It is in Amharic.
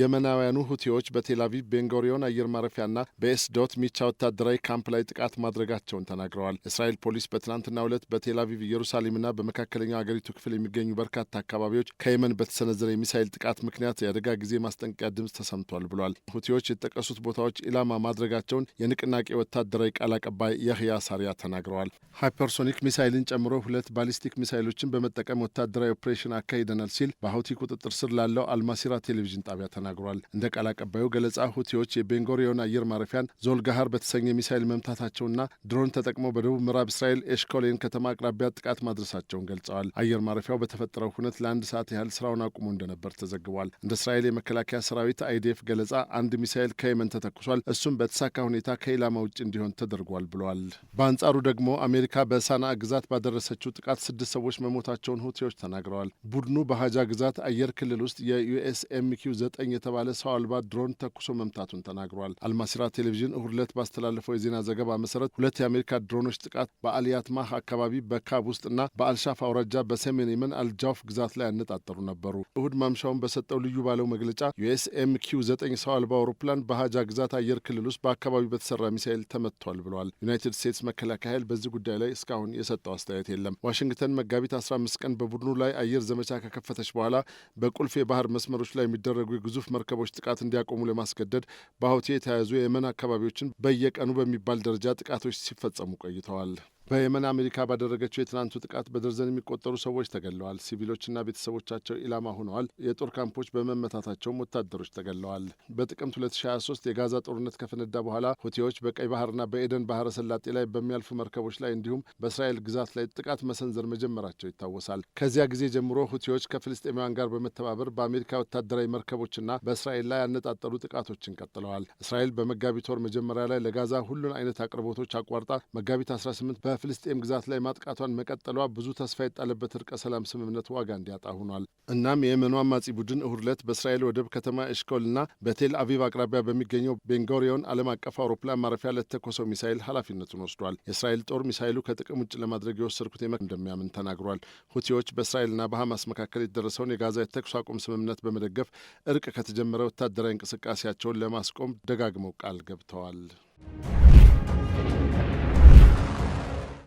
የመናውያኑ ሁቲዎች በቴላቪቭ ቤንጎሪዮን አየር ማረፊያና በኤስዶት ሚቻ ወታደራዊ ካምፕ ላይ ጥቃት ማድረጋቸውን ተናግረዋል። እስራኤል ፖሊስ በትናንትናው ዕለት በቴልአቪቭ ኢየሩሳሌምና በመካከለኛው አገሪቱ ክፍል የሚገኙ በርካታ አካባቢዎች ከየመን በተሰነዘረ የሚሳይል ጥቃት ምክንያት የአደጋ ጊዜ ማስጠንቀቂያ ድምፅ ተሰምቷል ብሏል። ሁቲዎች የተጠቀሱት ቦታዎች ኢላማ ማድረጋቸውን የንቅናቄ ወታደራዊ ቃል አቀባይ ያህያ ሳሪያ ተናግረዋል። ሃይፐርሶኒክ ሚሳይልን ጨምሮ ሁለት ባሊስቲክ ሚሳይሎችን በመጠቀም ወታደራዊ ኦፕሬሽን አካሂደናል ሲል በሀውቲ ቁጥጥር ስር ላለው አልማሲራ ቴሌቪዥን ጣቢያ ተናግረዋል። ተናግሯል። እንደ ቃል አቀባዩ ገለጻ ሁቲዎች የቤንጎሪዮን አየር ማረፊያን ዞልጋሃር በተሰኘ ሚሳይል መምታታቸውና ድሮን ተጠቅመው በደቡብ ምዕራብ እስራኤል ኤሽኮሌን ከተማ አቅራቢያ ጥቃት ማድረሳቸውን ገልጸዋል። አየር ማረፊያው በተፈጠረው ሁነት ለአንድ ሰዓት ያህል ስራውን አቁሞ እንደነበር ተዘግቧል። እንደ እስራኤል የመከላከያ ሰራዊት አይዲኤፍ ገለጻ አንድ ሚሳይል ከየመን ተተኩሷል። እሱም በተሳካ ሁኔታ ከኢላማ ውጭ እንዲሆን ተደርጓል ብሏል። በአንጻሩ ደግሞ አሜሪካ በሳና ግዛት ባደረሰችው ጥቃት ስድስት ሰዎች መሞታቸውን ሁቲዎች ተናግረዋል። ቡድኑ በሀጃ ግዛት አየር ክልል ውስጥ የዩኤስኤምኪው ዘጠኝ የተባለ ሰው አልባ ድሮን ተኩሶ መምታቱን ተናግሯል። አልማሲራ ቴሌቪዥን እሁድ ዕለት ባስተላለፈው የዜና ዘገባ መሰረት ሁለት የአሜሪካ ድሮኖች ጥቃት በአልያትማህ አካባቢ በካብ ውስጥና በአልሻፍ አውራጃ በሰሜን የመን አልጃውፍ ግዛት ላይ ያነጣጠሩ ነበሩ። እሁድ ማምሻውን በሰጠው ልዩ ባለው መግለጫ ዩኤስኤምኪው ዘጠኝ ሰው አልባ አውሮፕላን በሀጃ ግዛት አየር ክልል ውስጥ በአካባቢው በተሰራ ሚሳኤል ተመቷል ብለዋል። ዩናይትድ ስቴትስ መከላከያ ኃይል በዚህ ጉዳይ ላይ እስካሁን የሰጠው አስተያየት የለም። ዋሽንግተን መጋቢት 15 ቀን በቡድኑ ላይ አየር ዘመቻ ከከፈተች በኋላ በቁልፍ የባህር መስመሮች ላይ የሚደረጉ የጉዞ ግዙፍ መርከቦች ጥቃት እንዲያቆሙ ለማስገደድ በሀውቲ የተያዙ የየመን አካባቢዎችን በየቀኑ በሚባል ደረጃ ጥቃቶች ሲፈጸሙ ቆይተዋል። በየመን አሜሪካ ባደረገችው የትናንቱ ጥቃት በደርዘን የሚቆጠሩ ሰዎች ተገለዋል። ሲቪሎችና ቤተሰቦቻቸው ኢላማ ሆነዋል። የጦር ካምፖች በመመታታቸውም ወታደሮች ተገለዋል። በጥቅምት 2023 የጋዛ ጦርነት ከፈነዳ በኋላ ሁቲዎች በቀይ ባህርና በኤደን ባህረ ሰላጤ ላይ በሚያልፉ መርከቦች ላይ እንዲሁም በእስራኤል ግዛት ላይ ጥቃት መሰንዘር መጀመራቸው ይታወሳል። ከዚያ ጊዜ ጀምሮ ሁቲዎች ከፍልስጤማውያን ጋር በመተባበር በአሜሪካ ወታደራዊ መርከቦችና በእስራኤል ላይ ያነጣጠሩ ጥቃቶችን ቀጥለዋል። እስራኤል በመጋቢት ወር መጀመሪያ ላይ ለጋዛ ሁሉን አይነት አቅርቦቶች አቋርጣ መጋቢት 18 በፍልስጤም ግዛት ላይ ማጥቃቷን መቀጠሏ ብዙ ተስፋ የጣለበት እርቀ ሰላም ስምምነት ዋጋ እንዲያጣ ሆኗል። እናም የየመኑ አማጺ ቡድን እሁድ ዕለት በእስራኤል ወደብ ከተማ ኤሽኮልና በቴል አቪቭ አቅራቢያ በሚገኘው ቤንጎሪዮን ዓለም አቀፍ አውሮፕላን ማረፊያ ለተኮሰው ሚሳይል ኃላፊነቱን ወስዷል። የእስራኤል ጦር ሚሳይሉ ከጥቅም ውጭ ለማድረግ የወሰድኩት የመ እንደሚያምን ተናግሯል። ሁቲዎች በእስራኤልና በሐማስ መካከል የተደረሰውን የጋዛ የተኩስ አቁም ስምምነት በመደገፍ እርቅ ከተጀመረ ወታደራዊ እንቅስቃሴያቸውን ለማስቆም ደጋግመው ቃል ገብተዋል።